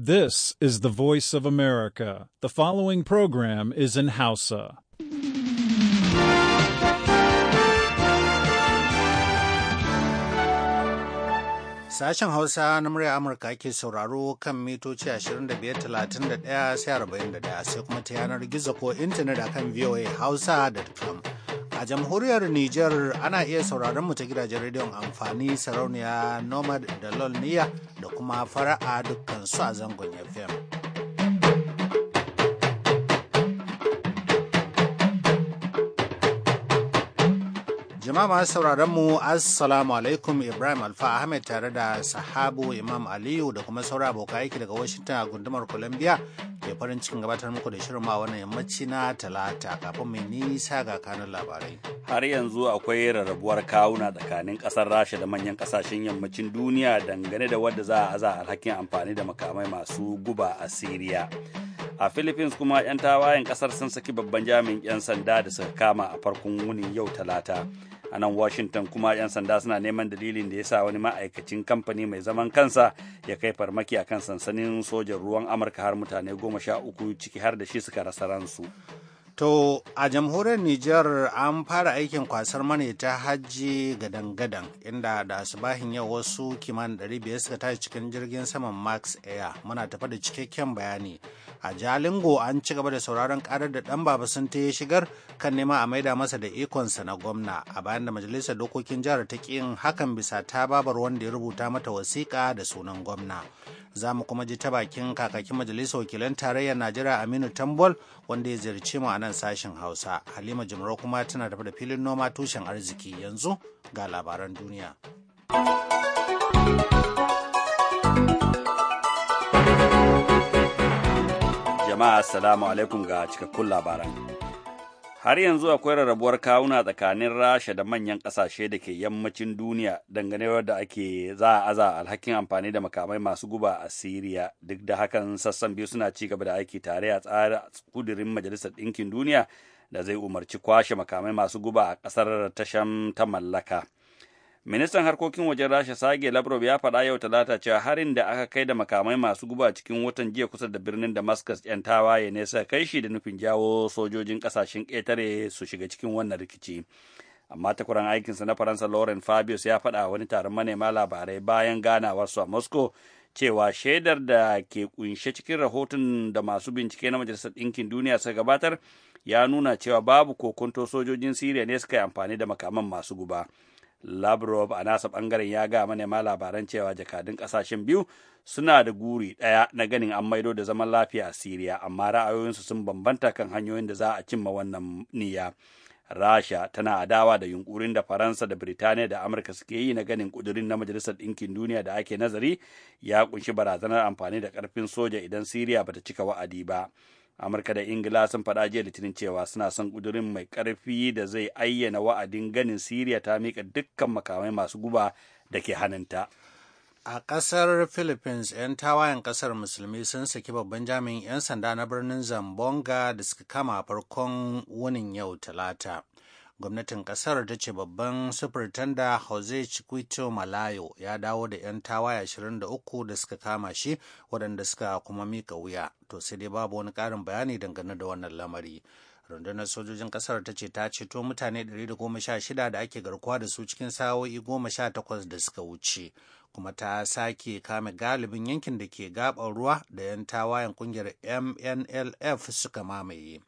This is the voice of America. The following program is in Hausa. Sashen Hausa na murya Amurka ke sauraro kan mitoci 25, 31, sai 41 sai kuma ta yanar gizo ko intanet akan voahausa.com. A jamhuriyar Nijar ana iya sauraron mu ta gidajen rediyon amfani sarauniya Nomad da Lolniya da kuma fara'a dukkan su a zangon FM. Jama'a masu sauraron mu Assalamu alaikum Ibrahim Alfa Ahmed tare da sahabu Imam Aliyu da kuma saura abokan aiki daga Washington a gundumar Columbia ke farin cikin gabatar muku da shirin ma wannan yammaci na talata kafin mai nisa ga kanun labarai. Har yanzu akwai rarrabuwar kawuna tsakanin kasar Rasha da manyan kasashen yammacin duniya dangane da wadda za a aza alhakin amfani da makamai masu guba a Siriya. a philippines kuma 'yan tawayen kasar sun saki babban jami'in 'yan sanda da suka kama a farkon wuni yau talata a nan washington kuma 'yan sanda suna neman dalilin da ya sa wani ma'aikacin kamfani mai zaman kansa ya kai farmaki akan sansanin sojan ruwan amurka har mutane goma sha uku ciki har da shi suka rasa ransu To a jamhuriyar Nijar an fara aikin kwasar mani ta hajji gadan-gadan inda da bahin yau wasu kimanin 500 suka tashi cikin jirgin saman Max Air muna tafa da cikakken bayani. A Jalingo an ci gaba da sauraron karar da ɗan baba sun ta shigar kan nema a maida masa da ikonsa na gwamna a bayan da majalisar dokokin jihar ta yin hakan bisa ta babar wanda ya rubuta mata wasiƙa da sunan gwamna. Za mu kuma ji ta bakin kakakin majalisar wakilan tarayyar Najeriya Aminu Tambol wanda ya ziyarci mu a nan sashen Hausa. Halima Jimro kuma tana tafi da filin noma tushen arziki yanzu ga labaran duniya. Jama'a Assalamu alaikum ga cikakkun labaran. har yanzu akwai rarrabuwar kawuna tsakanin rasha da manyan ƙasashe da ke yammacin duniya dangane da ake za a aza alhakin amfani da makamai masu guba a siriya duk da hakan sassan biyu suna ci gaba da aiki tare a tsara kudirin majalisar ɗinkin duniya da zai umarci kwashe makamai masu guba a ƙasar tashan ta mallaka Ministan harkokin wajen Rasha Sage Lavrov ya faɗa yau talata cewa harin da aka kai da makamai masu guba cikin watan jiya kusa da birnin Damascus 'yan tawaye ne suka kai shi da nufin jawo sojojin ƙasashen ƙetare su shiga cikin wannan rikici. Amma takwaran aikinsa na Faransa Laurent Fabius ya faɗa wani taron manema labarai bayan ganawarsu a Moscow cewa shaidar da ke kunshe cikin rahoton da masu bincike na Majalisar Ɗinkin Duniya suka gabatar ya nuna cewa babu kokonto sojojin Siriya ne suka yi amfani da makaman masu guba. Lavrov a nasa bangaren ya ga manema labaran cewa jakadun kasashen biyu suna da guri ɗaya na ganin an maido da zaman lafiya a Siriya amma ra'ayoyinsu sun bambanta kan hanyoyin da za a cimma wannan niyya. Rasha tana adawa da yunkurin da Faransa da Birtaniya da Amurka suke yi na ganin kudurin na Majalisar Ɗinkin Duniya da ake nazari ya kunshi barazanar amfani da karfin soja idan Siriya bata cika wa'adi ba. amurka da ingila sun faɗa jiya litinin cewa suna son ƙudurin mai ƙarfi da zai ayyana wa'adin ganin siriya ta miƙa dukkan makamai masu guba da ke hannunta a ƙasar philippines 'yan tawayen ƙasar musulmi sun saki babban jami'in 'yan sanda na birnin zambonga da suka kama farkon wunin yau talata gwamnatin kasar ta ce babban sufurtanda jose chiquito malayo ya dawo da 'yan tawaye 23 da suka kama shi waɗanda suka kuma mika wuya to sai dai babu wani ƙarin bayani dangane da wannan lamari rundunar sojojin kasar ta ce ta ceto mutane 116 da ake garkuwa da su cikin sa'o'i 18 da suka wuce kuma ta sake kame galibin yankin da ke gabar ruwa da 'yan tawayen kungiyar mnlf suka mamaye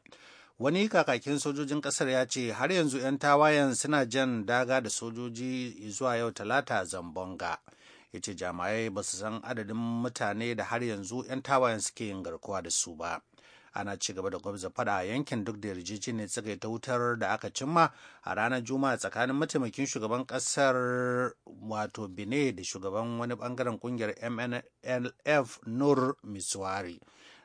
wani kakakin sojojin kasar ya ce har yanzu 'yan tawayen suna jan daga da sojoji zuwa yau talata zambonga ya ce jami'ai ba su san adadin mutane da har yanzu 'yan tawayen suke yin garkuwa da su ba ana ci gaba da gwamza fada a yankin duk da yarjejeniyar yi ta wutar da aka cimma a ranar juma'a tsakanin mataimakin shugaban kasar wato bine da shugaban wani bangaren kungiyar mnlf nur miswari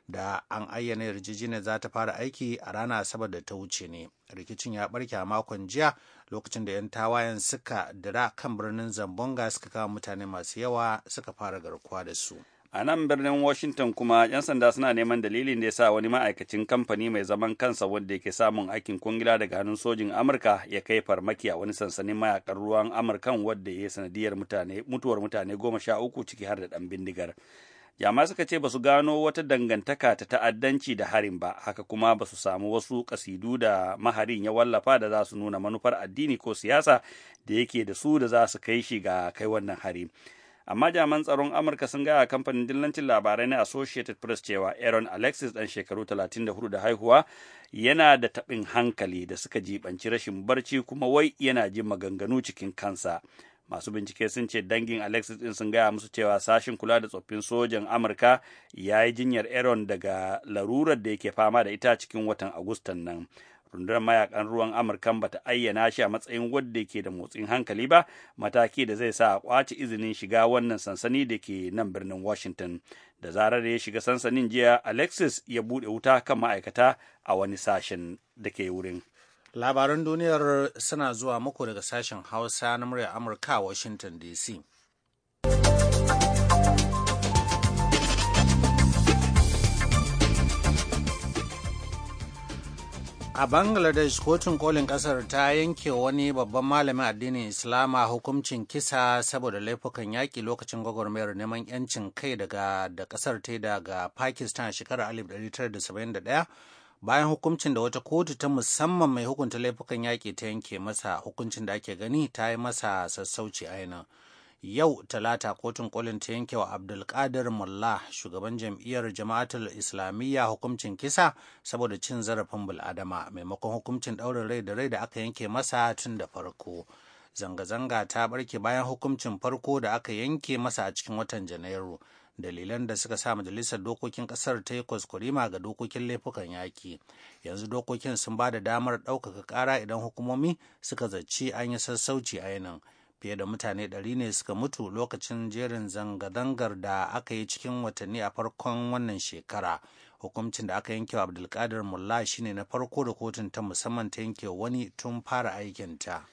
da an ayyana yarjejeniyar za ta fara aiki a rana asabar da ta wuce ne rikicin ya barke a makon jiya lokacin da 'yan tawayen suka dira kan birnin zambonga suka kama mutane masu yawa suka fara garkuwa da su a nan birnin washington kuma 'yan sanda suna neman dalilin da ya sa wani ma'aikacin kamfani mai zaman kansa wanda yake samun aikin kungila daga hannun sojin amurka ya kai farmaki a wani sansanin mayakan ruwan amurkan wadda ya yi sanadiyar mutuwar mutane goma sha uku ciki har da dan bindigar jama suka ce ba su gano wata dangantaka ta ta'addanci da harin ba haka kuma ba su samu wasu kasidu da maharin ya wallafa da za su nuna manufar addini ko siyasa da yake da su da za su kai shi ga kai wannan hari amma jaman tsaron amurka sun gaya kamfanin dillancin labarai na associated press cewa aaron alexis dan shekaru 34 da haihuwa yana da taɓin hankali da suka jibanci rashin barci kuma wai yana jin maganganu cikin kansa masu bincike sun ce dangin alexis din sun gaya musu cewa sashin kula da tsoffin sojan amurka ya yi jinyar aaron daga larurar da yake fama da ita cikin watan agustan nan rundunar mayakan ruwan amurkan bata ayyana shi a matsayin wadda ke da motsin hankali ba mataki da zai sa a kwace izinin shiga wannan sansani da ke nan birnin washington da zarar ya shiga sansanin jiya alexis ya buɗe wuta kan ma'aikata a wani sashen da ke wurin Labaran duniyar suna zuwa muku daga sashen Hausa na muryar Amurka a Washington DC. A Bangladesh, kotun kolin kasar ta yanke wani babban malamin addinin Islama hukuncin kisa saboda laifukan yaƙi lokacin gwagwarmayar neman 'yancin kai daga da kasar ta daga Pakistan shekarar 1971 bayan hukuncin da wata kotu ta musamman mai hukunta laifukan yaƙi ta yanke masa hukuncin da ake gani ta yi masa sassauci ainihin yau talata kotun kolin ta yanke wa abdulkadir mullah shugaban jam'iyyar jama'atul islamiyya hukuncin kisa saboda cin zarafin bul'adama maimakon hukuncin ɗaurin rai da rai da aka yanke masa tun da farko zanga-zanga ta barke bayan hukuncin farko da aka yanke masa a cikin watan janairu dalilan da suka sa majalisar dokokin kasar ta yi kuskurima ga dokokin laifukan yaki yanzu dokokin sun ba da damar ɗaukaka ƙara idan hukumomi suka zaci an yi sassauci a yanin fiye da mutane ɗari ne suka mutu lokacin jerin zanga-zangar da aka yi cikin watanni a farkon wannan shekara hukuncin da aka yanke wa abdulkadir mullah shine na farko da kotun ta musamman ta yanke wani tun fara aikinta.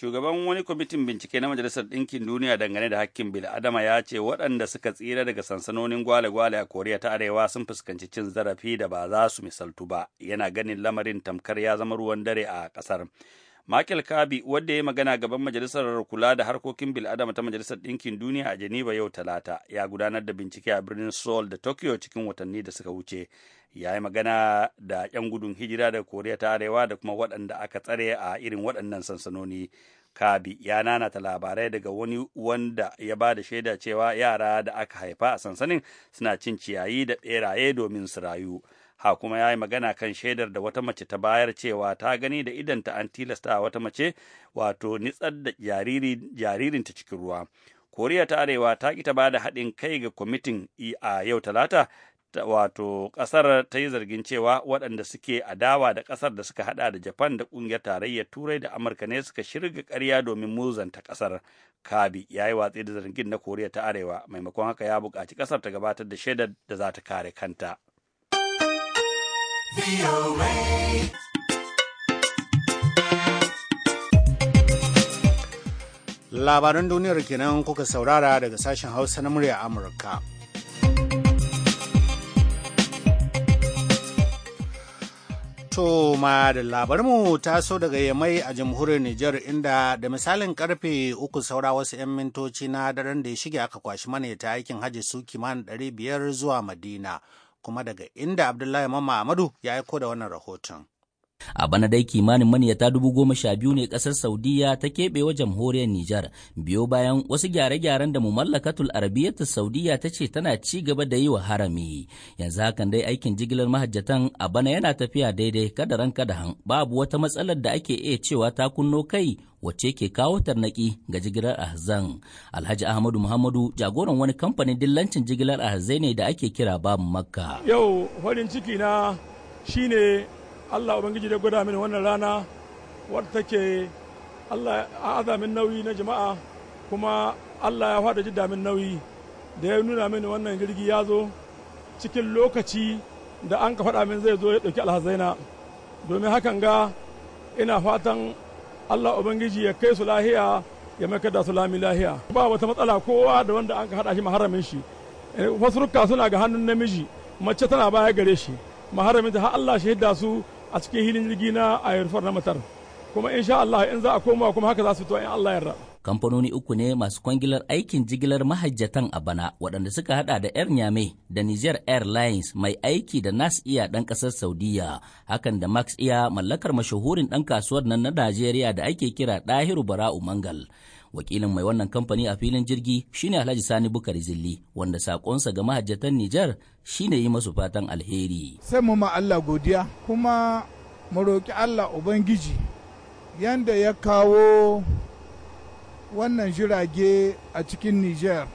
shugaban wani kwamitin bincike na majalisar ɗinkin duniya dangane da hakkin bil'adama ya ce waɗanda suka tsira daga sansanonin gwale-gwale a koriya ta arewa sun fuskanci cin zarafi da ba za su misaltu ba yana ganin lamarin tamkar ya zama ruwan dare a ƙasar Michael Kabi wadda ya yi magana gaban majalisar kula da harkokin bil'adama ta majalisar ɗinkin duniya a Geneva yau talata ya gudanar da bincike a birnin Seoul da Tokyo cikin watanni da suka wuce ya yi magana da 'yan gudun hijira da Koriya ta Arewa da kuma waɗanda aka tsare a irin waɗannan sansanoni. Kabi ya nanata labarai daga wani wanda ya ba da shaida cewa yara da aka haifa a sansanin suna cin ciyayi da ɓeraye domin su rayu. ha kuma ya yi magana kan shaidar da wata mace ta bayar cewa ta gani da idanta an tilasta wata mace wato nitsar da jaririnta cikin ruwa koriya ta arewa ta ki ta ba da haɗin kai ga kwamitin e a yau talata wato ƙasar ta yi zargin cewa waɗanda suke adawa da ƙasar da suka haɗa da japan da ƙungiyar tarayyar turai da amurka ne suka shirga ƙarya domin muzanta ƙasar kabi ya yi watsi da zargin na koriya ta arewa maimakon haka ya buƙaci ƙasar ta gabatar da shaidar da za ta kare kanta Labaran duniyar kenan kuka saurara daga sashen Hausa na murya Amurka. To ma da labarmu taso daga Yamai a jamhuriyar Nijar inda da misalin karfe uku saura wasu 'yan mintoci na daren da ya shige aka kwashi mana ta aikin hajji su kimanin 500 zuwa Madina. kuma daga inda Abdullahi Muhammadu ya aiko da wannan rahoton. A bana dai kimanin maniyata dubu goma sha biyu ne ƙasar Saudiya ta keɓewa jamhuriyar Nijar, biyo bayan wasu gyare-gyaren da mumallakatul arabiyyatul Saudiya ta ce tana ci gaba da yi wa harami. Yanzu hakan dai aikin jigilar mahajjatan a bana yana tafiya daidai kada da han babu wata matsalar da ake iya cewa ta kunno kai wacce ke kawo tarnaki ga jigilar ahzan alhaji ahmadu muhammadu jagoran wani kamfanin dillancin jigilar ahzai ne da ake kira babu makka yau farin ciki na shine allah ubangiji da gwada mini wannan rana wadda take allah a azamin nauyi na jama'a kuma allah ya fada ji damin nauyi da ya nuna mini wannan jirgi ya zo cikin lokaci da an ka faɗa min zai zo ya ɗauki alhazaina domin hakan ga ina fatan allah ubangiji ya kai su lahiya ya mai da su lami lahiya ba wata matsala kowa da wanda an ka haɗa shi maharamin shi eh, wasu rukka suna ga hannun namiji mace tana baya gare shi maharamin ta har allah shahida su a cikin hilin jirgi na yarfar na matar kuma sha Allah in za a koma kuma haka za su fito in Allah yarda kamfanoni uku ne masu kwangilar aikin jigilar mahajjatan a bana waɗanda suka hada da air nyame da niger airlines mai aiki da nas iya ɗan ƙasar saudiya hakan da max iya mallakar mashahurin ɗan kasuwar nan na najeriya da ake kira ɗahiru bara'u mangal wakilin mai wannan kamfani a filin jirgi shine alhaji sani bukari zilli wanda sakonsa ga mahajjatan nijar shine yi masu fatan alheri sai mu ma allah godiya kuma mu roƙi allah ubangiji yanda ya kawo wannan jirage a cikin nijar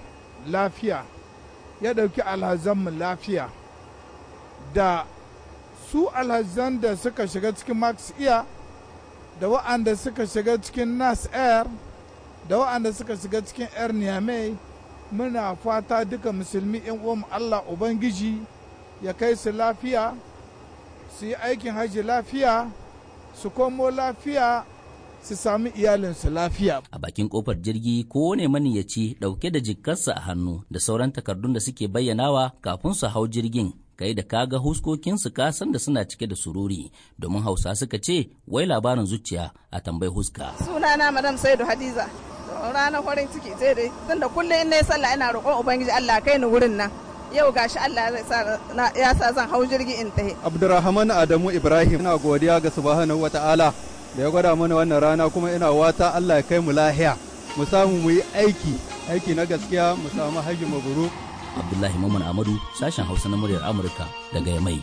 lafiya ya ɗauki mu lafiya da su alhazan da suka shiga cikin max air da wa'anda suka shiga cikin nas air da waɗanda suka shiga cikin yar niyamai muna fata duka musulmi in uwanmu Allah Ubangiji ya kai su lafiya su yi aikin hajji lafiya su komo lafiya su sami iyalinsu lafiya. A bakin kofar jirgi kowane maniyaci dauke da jikarsa a hannu da sauran takardun da suke bayyanawa kafin su hau jirgin kai da kaga huskokinsu kasan da suna cike da sururi domin hausa suka ce wai labarin zuciya a tambayi huska. Sunana Madam Saidu Hadiza. ranar farin ciki ce dai tunda kullum in na yi sallah ina roƙon ubangiji Allah kai ni wurin nan yau gashi Allah ya sa zan hau jirgi in tahi Abdurrahman Adamu Ibrahim ina godiya ga subhanahu wata'ala da ya gwada mana wannan rana kuma ina wata Allah ya kai mu lahiya mu samu mu yi aiki aiki na gaskiya mu samu hajji maburu Abdullahi Maman Amadu sashen Hausa na muryar Amurka daga Yamai.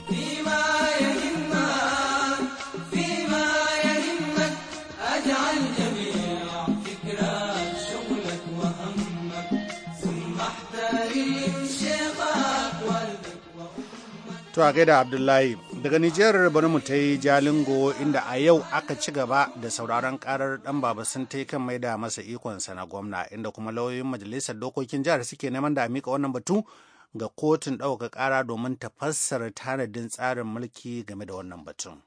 To a gaida Abdullahi daga Nijiyar bari mu ta yi jalingo inda a yau aka ci gaba da sauraron karar dan baba sun ta kan mai da masa ikon sana gwamna inda kuma lauyoyin majalisar dokokin jihar suke neman da mika wannan batu ga kotun ɗauka ƙara domin ta fassara tanadin tsarin mulki game da wannan batun.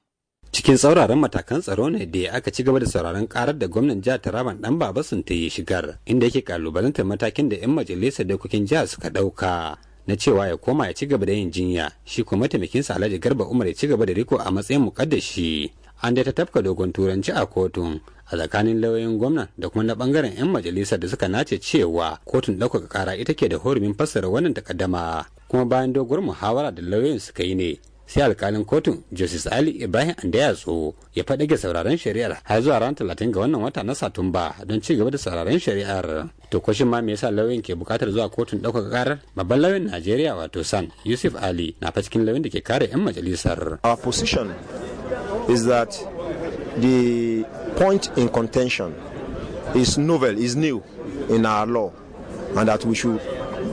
cikin tsauraran matakan tsaro ne da aka ci gaba da sauraron karar da gwamnan jihar taraban dan baba sun ta yi shigar inda yake kalubalantar matakin da 'yan majalisar dokokin jihar suka ɗauka. na cewa ya koma ya ci gaba da yin jinya shi kuma mataimakinsa alhaji garba umar ya ci gaba da riko a matsayin muƙaddashi. an dai ta tafka dogon turanci a kotun a tsakanin lauyoyin gwamna da kuma na bangaren 'yan majalisar da suka nace cewa kotun ɗaukaka kara ita ke da horumin fassara wannan takaddama kuma bayan doguwar muhawara da lauyoyin suka yi ne sai alkalin kotun justice ali ibrahim andaya ya faɗi ga sauraron shari'ar har zuwa ran talatin ga wannan wata na satumba don ci gaba da sauraron shari'ar to kwashin ma me yasa lauyan ke bukatar zuwa kotun ɗaukaka karar babban lauyan najeriya wato san yusuf ali na fa cikin lauyan da ke kare 'yan majalisar our position is that the point in contention is novel is new in our law and that we should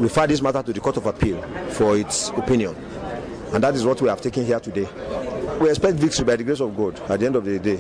refer this matter to the court of appeal for its opinion And that is what we have taken here today. We expect victory by the grace of God at the end of the day.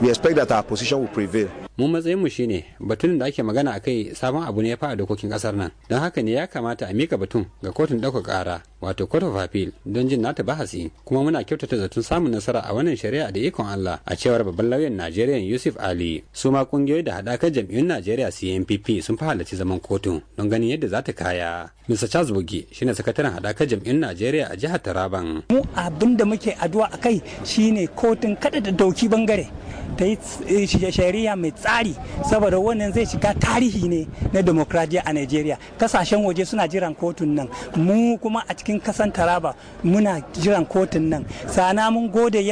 We expect that our position will prevail. mu matsayin mu shine batun da ake magana akai sabon abu ne ya fara dokokin kasar nan don haka ne ya kamata a mika batun ga kotun ɗaukar ƙara wato court of appeal don jin nata bahasi kuma muna kyautata zaton samun nasara a wannan shari'a da ikon Allah a cewar babban lauyan Najeriya Yusuf Ali su ma kungiyoyi da hadakar jam'iyyun Najeriya CNPP sun fi halarci zaman kotun don ganin yadda za ta kaya Mr Charles Bugi shine sakataren hadakar jam'iyyun Najeriya a jihar Taraban mu abinda da muke addu'a akai shine kotun kada da dauki bangare ta yi eh, shari'a mai tsari saboda wannan zai shiga tarihi ne na demokradiyya a Najeriya kasashen waje suna jiran kotun nan mu kuma a cikin kasan taraba muna jiran kotun nan sana mun gode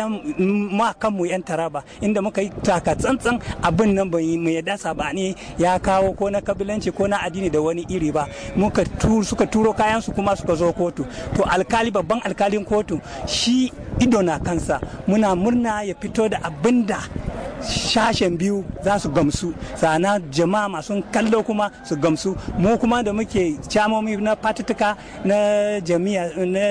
ma kanmu yan taraba inda muka yi taka tsantsan abin nan bai mu yadda sabani ya kawo ko na kabilanci ko na addini da wani iri ba muka suka turo kayansu kuma suka zo kotu to alkali babban alkalin kotu shi ido na kansa muna murna ya fito da abinda. sashen biyu za su gamsu sana jama'a masu kallo kuma su gamsu mu kuma da muke camomi na patutuka na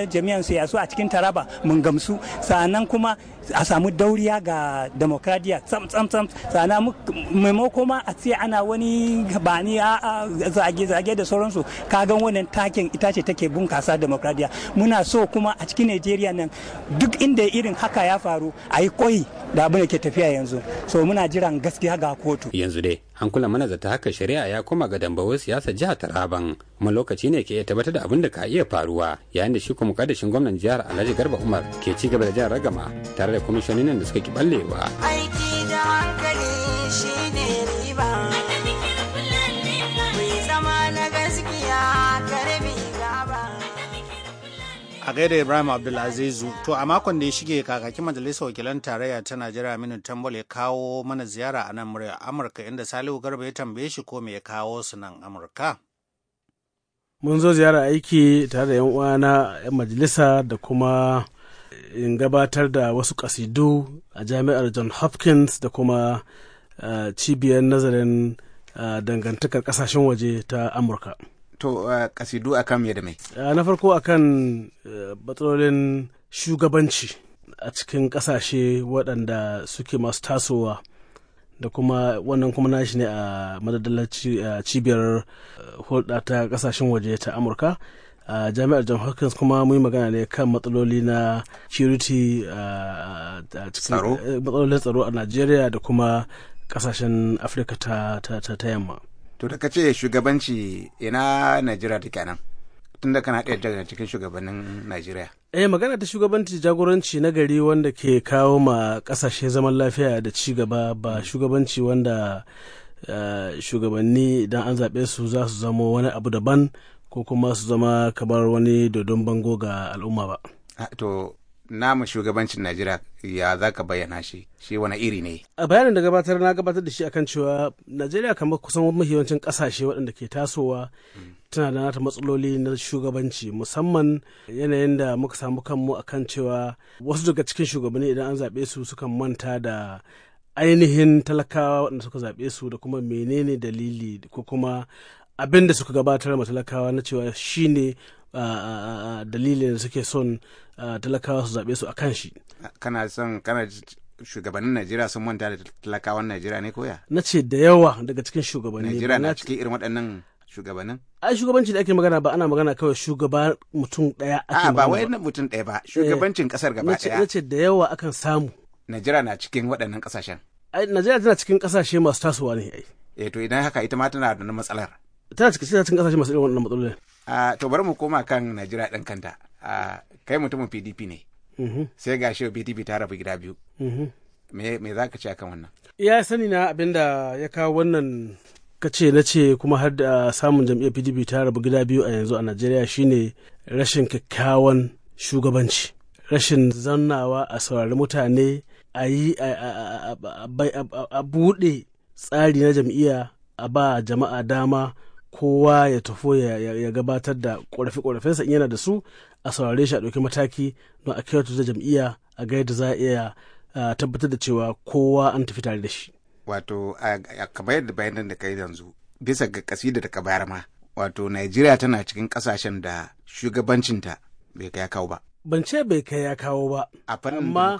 jami'an siyasu a cikin taraba mun gamsu sanan kuma a samu dauriya ga demokradiya tsam tsam tsam sana maimako ma a ce ana wani bani a zage zage da sauransu kagan wannan takin ita ce take bunkasa demokradiya muna so kuma a cikin nigeria nan duk inda irin haka ya faru a yi koyi da abin da ke tafiya yanzu so muna jiran gaskiya ga kotu yanzu dai an kula mana zata haka shari'a ya koma ga dambawar siyasa jihar Taraban kuma lokaci ne ke tabbatar da abin da ka iya faruwa yayin da shi kuma kadashin gwamnan jihar Alhaji Garba Umar ke cigaba da jan ragama tare da kwamishoninan da suka ki ballewa a gaida ibrahim abdulazizu to a makon da ya shige kakakin majalisar wakilan tarayya ta najeriya minu tambal ya kawo mana ziyara a nan murya amurka inda salihu garba ya tambaye shi ko mai ya kawo su nan amurka mun zo ziyara aiki tare da yan uwana yan majalisa da kuma eh, in gabatar da wasu kasidu a jami'ar john hopkins da kuma eh, cibiyar nazarin eh, dangantakar kasashen waje ta amurka to kasidu akan kan da mai na farko akan batsalolin e, shugabanci a cikin kasashe waɗanda suke masu tasowa da kuma wannan kuma nashi ne a madadalar cibiyar e, hulɗa ta kasashen waje ta amurka a jami'ar john hawkins kuma mun magana ne kan matsaloli na security a cikin e, matsalolin tsaro a nigeria da kuma ƙasashen afirka ta yamma to da ka ce shugabanci ina najeriya take nan tunda kana ɗaya daga cikin shugabannin najeriya eh magana ta shugabanci jagoranci na gari wanda ke kawo ma ƙasashe zaman lafiya da ci gaba ba shugabanci wanda eh, shugabanni idan an zaɓe su za su zama wani abu daban ko kuma su zama kamar wani dodon bango ga al'umma ba. Ah, to namu shugabancin najeriya ya za ka bayyana shi shi wani iri ne a bayanin da gabatar na gabatar da shi akan cewa najeriya kamar kusan mahiyancin kasashe waɗanda ke tasowa tana da nata matsaloli na shugabanci musamman yanayin da muka samu kanmu akan cewa wasu daga cikin shugabanni idan an zaɓe su sukan manta da ainihin talakawa waɗanda suka zaɓe su da kuma menene dalili ko kuma abin da suka gabatar ma talakawa na cewa shine dalilin da suke son talakawa su zaɓe su a kan shi kana son kana shugabannin Najeriya sun manta da talakawan Najeriya ne koya? Na ce da yawa daga cikin shugabanni. Najeriya na cikin irin waɗannan shugabannin? Ai shugabanci da ake magana ba ana magana kawai shugaba mutum ɗaya ake magana. ba wai mutum ɗaya ba eh, shugabancin ƙasar gaba ɗaya. Na ce da yawa akan samu. Najeriya na cikin waɗannan ƙasashen. Ai Najeriya tana cikin ƙasashe masu tasowa ne ai. Eh to idan haka ita ma tana da matsalar. Tana cikin cikin ƙasashe masu irin wannan matsalolin. Ah, to bari mu koma kan Najeriya ɗan kanta. Ah, kai mutumin pdp ne mhm. sai ga shi pdp ta rabu gida biyu mhm. me za ka ce akan wannan ya sani na abin da ya kawo wannan ka ce na ce kuma har da samun jam'iyyar pdp ta rabu gida biyu a yanzu a najeriya shine rashin kyakkyawan shugabanci rashin zannawa a saurari mutane a yi a buɗe tsari na jam'iyya a ba jama'a dama kowa ya tafo ya gabatar da ƙorafe-ƙorafensa in yana da su a saurare shi a ɗauki mataki don a kyautu da jam'iyya a ga yadda za a iya tabbatar da cewa kowa an tafi tare da shi. Wato kamar yadda nan da kai yanzu bisa ga kasida da ka bayar ma wato Najeriya tana cikin ƙasashen da shugabancinta bai kai kawo ba. ban ce bai kai ya kawo ba amma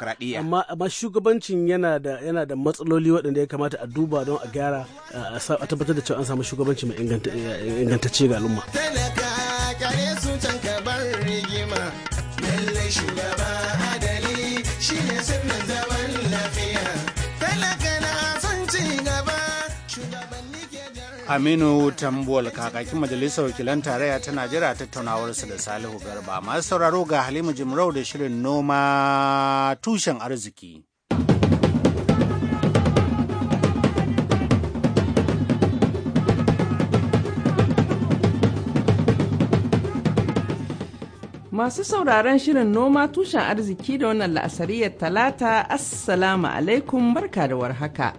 amma shugabancin yana da yana da matsaloli waɗanda ya kamata a duba don a gyara a tabbatar da cewa an samu shugabanci mai ingantacce ga al'umma aminu tambuwal kakakin majalisar wakilan tarayya ta najeriya tattaunawarsu da salihu garba masu sauraro ga halimu jimrau da shirin noma tushen arziki Masu sauraron shirin noma tushen arziki da wannan la'asariyar talata, Assalamu alaikum barka da warhaka.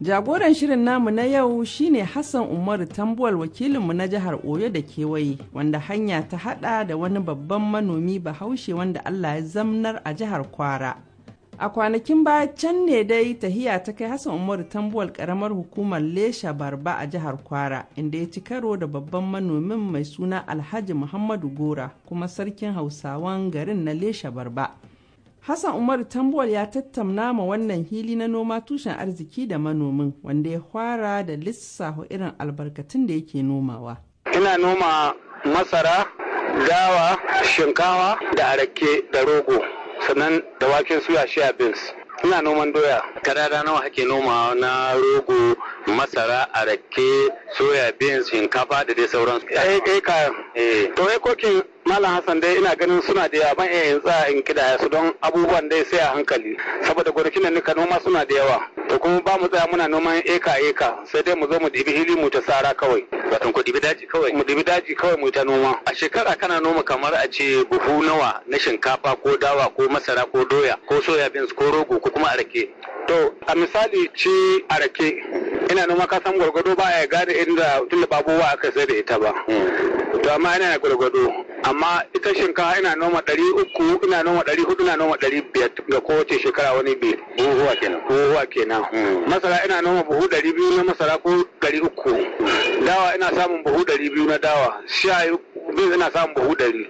Jagoran shirin namu na yau shine Hassan Umaru Tambuwal wakilinmu na jihar Oyo da kewaye wanda hanya ta hada da wani babban manomi bahaushe wanda Allah ya zamnar a jihar Kwara. A kwanakin baya can ne dai tahiya ta kai Hassan Umaru Tambuwal karamar hukumar Lesha Barba a jihar Kwara inda ya ci karo da babban manomin mai suna Alhaji Muhammadu Gora kuma sarkin Hausawan garin na Lesha Barba. Hassan Umaru Tambuwal ya tattamna ma wannan hili na noma tushen arziki da manomin wanda ya fara da lissafa irin albarkatun da yake nomawa. Ina noma masara, dawa, shinkawa da arake da rogo, sannan da waken suya shea beans. Ina noman doya, da nawa hake noma na rogo, masara, arake, soya beans, shinkafa da dai sauransu. Eh, eh, eh. To, eh, kokin Malam Hassan dai ina ganin suna da yawa ban iya tsaya in kida su don abubuwan dai sai a hankali saboda gonakin da nika noma suna da yawa to kuma ba mu tsaya muna noman eka eka sai dai mu zo mu dibi hili mu ta sara kawai wato ku dibi daji kawai mu dibi daji kawai mu ta noma a shekara kana noma kamar a ce buhu nawa na shinkafa ko dawa ko masara ko doya ko soya beans ko rogo ko kuma arake to a misali ci arake ina noma san gwargwado ba ya gane inda tunda babuwa aka sai da ita ba hmm. to amma ina gwargwado amma ita shinkafa ina noma ɗari uku ina noma ɗari hudu ina noma ɗari biyar ga kowace shekara wani bi buhuwa kenan buhuwa kenan hmm. masara ina noma buhu ɗari biyu na masara ko ɗari uku hmm. dawa ina samun buhu ɗari biyu na dawa shayi bin yana samun buhu dari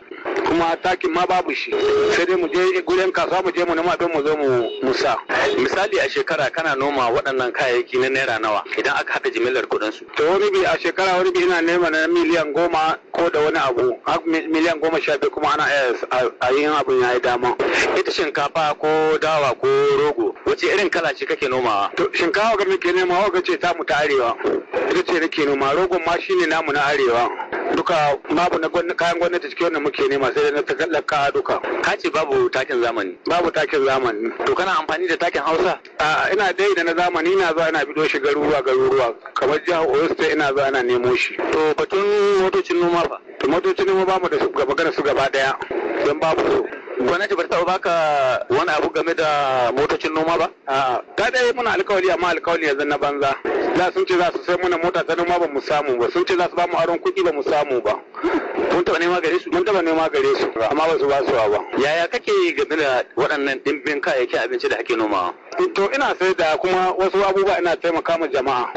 kuma takin ma babu shi sai dai mu je gurin kasuwa mu je mu nema don mu zo mu sa misali a shekara kana noma waɗannan kayayyaki na naira nawa idan aka haɗa jimillar kuɗin su to wani bi a shekara wani bi ina nema na miliyan goma ko da wani abu miliyan goma sha biyu kuma ana eh, a yin abin ya yi dama ita shinkafa ko dawa ko rogo wace irin kala ce kake nomawa to shinkafa ga muke nema wa ce ta mu ta arewa ita ce nake noma rogon ma shine namu na arewa duka babu na kayan gwamnati cikin wannan muke nema sai da na talaka duka ka ce babu takin zamani babu takin zamani to kana amfani da takin hausa ina dai da na zamani ina zuwa ina bido shi garuruwa garuruwa kamar jihar oyo state ina zuwa ina nemo shi to batun motocin noma fa to motocin noma ba mu da su gaba su gaba daya don babu gwamnati ba ta baka wani abu game da motocin noma ba ta dai muna alkawali amma alkawali yanzu na banza za sun ce za su sai muna mota ta noma ba mu samu ba sun ce za su ba mu aron kuɗi ba mu samu ba mun taɓa nema gare su mun taɓa nema gare su amma ba su ba su ba yaya kake game da waɗannan ɗimbin kayayyakin abinci da ake nomawa to ina sai da kuma wasu abubuwa ina taimaka ma jama'a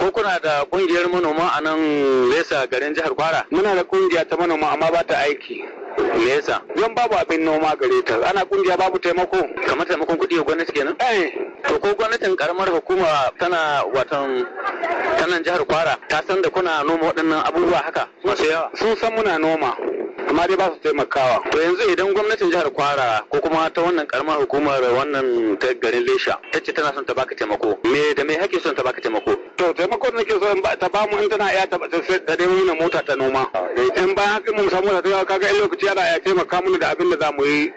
ko kuna da kungiyar manoma a nan resa garin jihar kwara muna da kungiya ta manoma amma ba ta aiki Me yasa? babu abin noma gare ta. Ana kungiya babu taimako. Kamar taimakon kuɗi ga gwamnati kenan? Eh. To ko gwamnatin karamar hukuma tana watan tanan jihar Kwara ta san da kuna noma waɗannan abubuwa haka masu yawa. Sun san muna noma. amma dai ba su taimakawa to yanzu idan gwamnatin jihar kwara ko kuma ta wannan karamar hukumar wannan ta garin lesha ta ce tana son ta baka taimako me da me hake son ta baka taimako to taimakon nake so in ta ba mu in tana iya ta ta dai mu mota ta noma in bayan haka mun samu mota ga kaga in lokaci ana iya taimaka mun da abin da za mu yi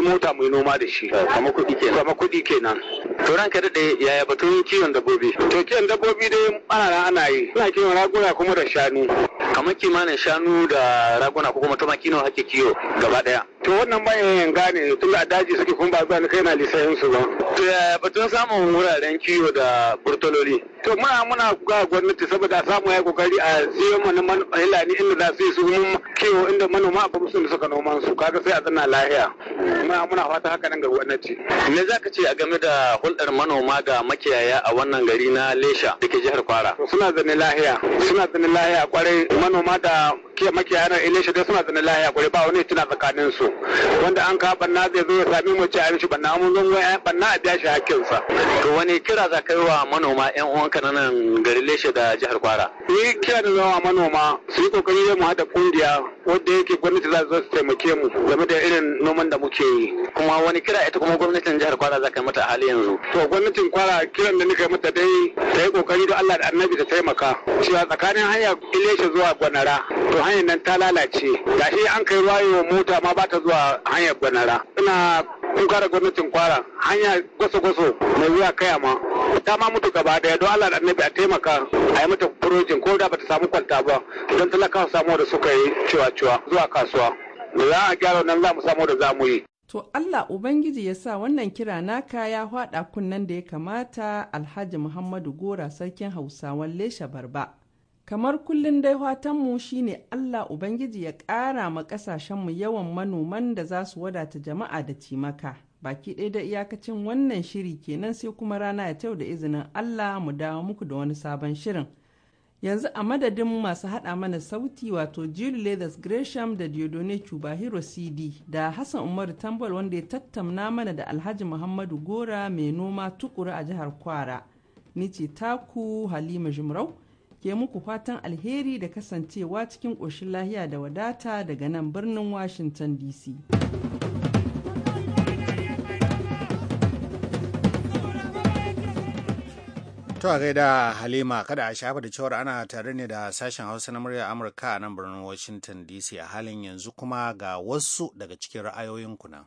mu mota mu yi noma da shi eh, kamar kuɗi kenan kamar kuɗi kenan to ranka dai yaya batun kiwon dabbobi to kiwon dabbobi dai ana ana yi ina kiwon raguna kuma da shanu kamar kimanin shanu da raguna ko kuma zama kino ake kiwo gaba daya to wannan ba yin gane tun da daji suke kuma ba kai na lisayin su ba to batun samun wuraren kiwo da burtololi to ma muna ga gwamnati saboda samu ya kokari a siyo mana man hilani inda za su yi su kiwo inda manoma ba sun suka noman su kaga sai a tsana lahiya muna muna fata haka nan ga gwamnati me zaka ce a game da hulɗar manoma ga makiyaya a wannan gari na Lesha dake jihar Kwara suna zane lahiya suna zane lahiya kwarai manoma da ke makiyaya na Lesha da suna zane lahiya kwarai ba wani tuna tsakanin su wanda an ka banna zai zo ya sami mu ci a shi banna mun zo banna a biya shi sa to wani kira za kai wa manoma yan haka nan garin Leshe da jihar Kwara. Ni kira da zama manoma su yi kokari mu hada kungiya wadda yake gwamnati za su taimake mu game da irin noman da muke yi. Kuma wani kira ita kuma gwamnatin jihar Kwara za ka yi mata hali yanzu. To gwamnatin Kwara kiran da nika mata dai ta yi kokari da Allah da Annabi ta taimaka. Cewa tsakanin hanya Leshe zuwa Gwanara to hanyar nan ta lalace. Gashi an kai ruwa mota ma ba ta zuwa hanyar Gwanara. Ina kuka da gwamnatin kwara hanya gwaso-gwaso na wuya kaya ma ta ma mutu gaba daya don allah da annabi a taimaka a yi mata burojin ko da bata samu kwanta ba don talakawa samu da suka yi cewa cewa zuwa kasuwa za a gyara nan za mu samu da za yi To Allah Ubangiji ya sa wannan kira naka ya haɗa kunnen da ya kamata Alhaji Muhammadu Gora sarkin Hausawan Lesha Barba. Kamar kullum dai fatanmu shine Allah Ubangiji ya ƙara ma ƙasashenmu yawan manoman da za su wadata jama'a da cimaka. Baki ɗaya da iyakacin wannan shiri kenan sai kuma rana ya tau da izinin Allah mu dawo muku da wani sabon shirin. yanzu a madadin masu haɗa mana sauti wato Jill Leathers Gresham da Diodone Cubahiro CD da Hassan Umaru Tambal wanda ya tattamna mana da Alhaji Muhammadu Gora mai noma tukuru a jihar Kwara. Ni ce taku Halima Jumrau. ke muku fatan alheri da kasancewa cikin ƙoshin lahiya da wadata daga nan birnin Washington DC. To a gaida Halima kada a shafa da cewar ana tare ne da sashen Hausa na murya Amurka a nan birnin Washington DC a halin yanzu kuma ga wasu daga cikin ra'ayoyin kuna.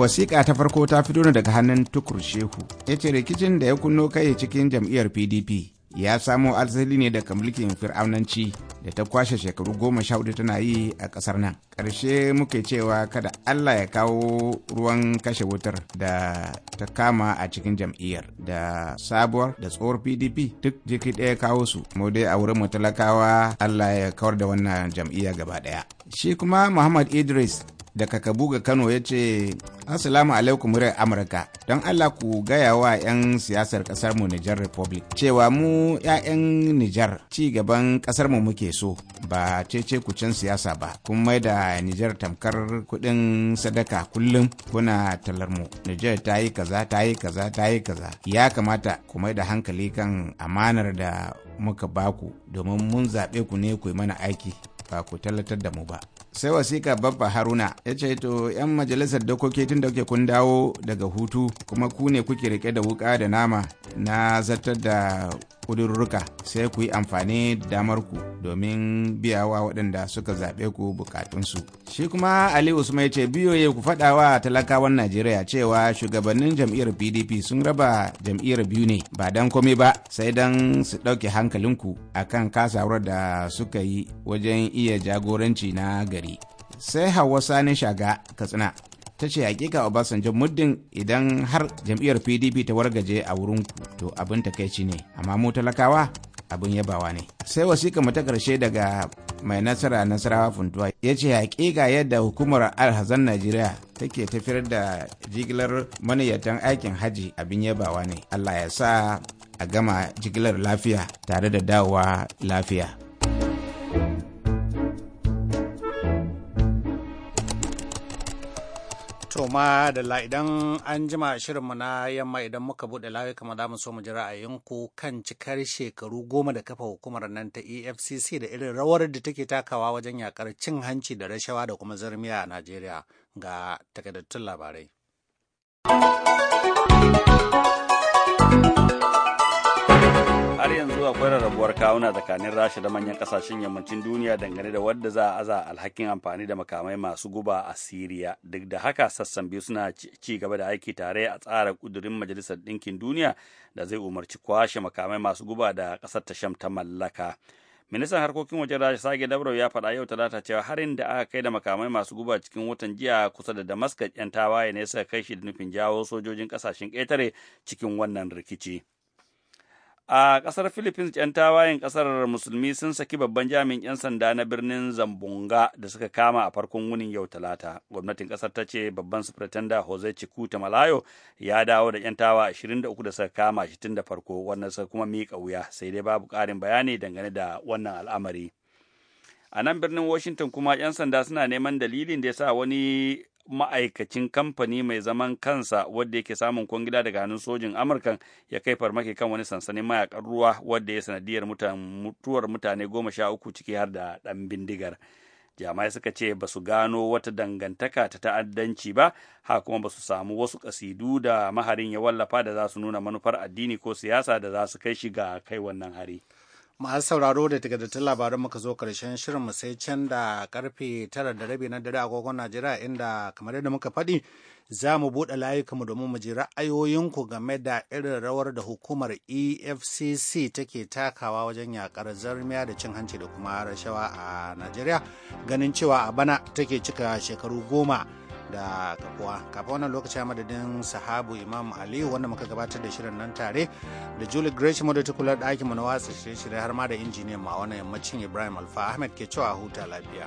wasiƙa ta farko ta fito ne daga hannun tukur shehu ya ce rikicin da ya kunno kai cikin jam'iyyar pdp ya samo asali ne daga mulkin fir'aunanci da ta kwashe shekaru goma sha hudu tana yi a ƙasar nan ƙarshe muke cewa kada allah ya kawo ruwan kashe wutar da ta kama a cikin jam'iyyar da sabuwar da tsohuwar pdp duk jiki ɗaya kawo su mu dai a wurin mu talakawa allah ya kawar da wannan jam'iyya gaba ɗaya shi kuma muhammad idris daga kabuga kano ya ce Assalamu alaikum murar Amurka. Don Allah ku gaya wa 'yan siyasar kasar mu Nijar Republic cewa mu 'ya'yan Nijar ci gaban kasar mu muke so ba cece ku can siyasa ba. Kun mai da Nijar tamkar kudin sadaka kullum kuna talar mu. Nijar ta yi kaza ta yi kaza ta yi kaza. Ya kamata ku mai da hankali kan amanar da muka baku domin mun zaɓe ku ne ku yi mana aiki ba ku tallatar da mu ba. sai wasiƙa babba haruna ya ce to 'yan majalisar dokoki tun da kuke kun dawo daga hutu kuma ku ne kuke rike da wuka da nama na zartar da kudurruka sai ku yi amfani da damarku domin biyawa waɗanda suka zaɓe ku bukatunsu. Shi kuma Ali Usman ya ce biyoye ku faɗa wa talakawan Najeriya cewa shugabannin jam'iyyar PDP sun raba jam'iyyar biyu ne ba dan komai ba sai dan su ɗauke hankalinku a kan kasawar da suka yi wajen iya jagoranci na gari. sai hawa sani shaga katsina ta ce hakika obasanjo muddin idan har jam'iyyar pdp ta wargaje a wurinku to abin takaici ne amma mu talakawa abin yabawa ne sai wasiƙa mu ta ƙarshe daga mai nasara nasarawa funtuwa ya ce hakika yadda hukumar alhazan najeriya take tafiyar da jigilar maniyyatan aikin haji abin yabawa ne allah ya sa a gama jigilar lafiya tare da dawowa lafiya To da la idan an jima shirinmu na yamma idan muka buɗe layi kama za mu so mu ji ra'ayinku kan cikar shekaru goma da kafa hukumar nan ta EFCC da irin rawar da take takawa wajen yakar cin hanci da rashawa da kuma zarmiya a Najeriya ga takaddatun labarai. yanzu akwai rarrabuwar kawuna tsakanin rasha da manyan kasashen yammacin duniya dangane da wadda za a aza alhakin amfani da makamai masu guba a siriya duk da haka sassan biyu suna ci gaba da aiki tare a tsara kudurin majalisar ɗinkin duniya da zai umarci kwashe makamai masu guba da kasar ta sham ta mallaka ministan harkokin wajen rasha sage dabro ya faɗa yau talata cewa harin da aka kai da makamai masu guba cikin watan jiya kusa da damascus yan tawaye ne suka kai shi da nufin jawo sojojin kasashen ƙetare cikin wannan rikici A ƙasar Philippines, ‘yan tawayen ƙasar musulmi sun saki babban jami'in ‘yan sanda na birnin Zambunga da suka kama a farkon wunin yau talata. Gwamnatin ƙasar ta ce babban sufretanda Jose Chikuta Malayo ya dawo da ‘yan tawa 23 da suka kama shi tun da farko, wannan suka kuma miƙa wuya, sai dai babu ƙarin bayani dangane da wannan al'amari. a nan birnin washington kuma 'yan sanda suna neman dalilin da ya sa wani ma'aikacin kamfani mai zaman kansa wadda yake samun kwangila daga hannun sojin amurka ya kai farmaki kan wani sansanin mayakan ruwa wadda ya sanadiyar mutuwar mutane goma sha uku ciki har da ɗan bindigar jami'ai suka ce ba su gano wata dangantaka ta ta'addanci ba ha kuma ba su samu wasu kasidu da maharin ya wallafa da za su nuna manufar addini ko siyasa da za su kai shi ga kai wannan hari. masu sauraro da da labaran muka zo karshen shirin sai can da karfe tara da rabi na dare agogon najeriya inda kamar yadda muka faɗi za mu buɗe layukanmu domin mu ji ra'ayoyinku game da irin rawar da hukumar efcc take takawa wajen yakar zarmiya da cin hanci da kuma rashawa a najeriya ganin cewa a bana take cika shekaru goma da kafuwa kafin wannan lokaci a madadin sahabu imam ali wanda muka gabatar da shirin nan tare da julie gresham da ta ɗakin mu na watsa shirye-shirye har ma da injiniyan ma wannan yammacin ibrahim alfa ahmed ke cewa huta lafiya.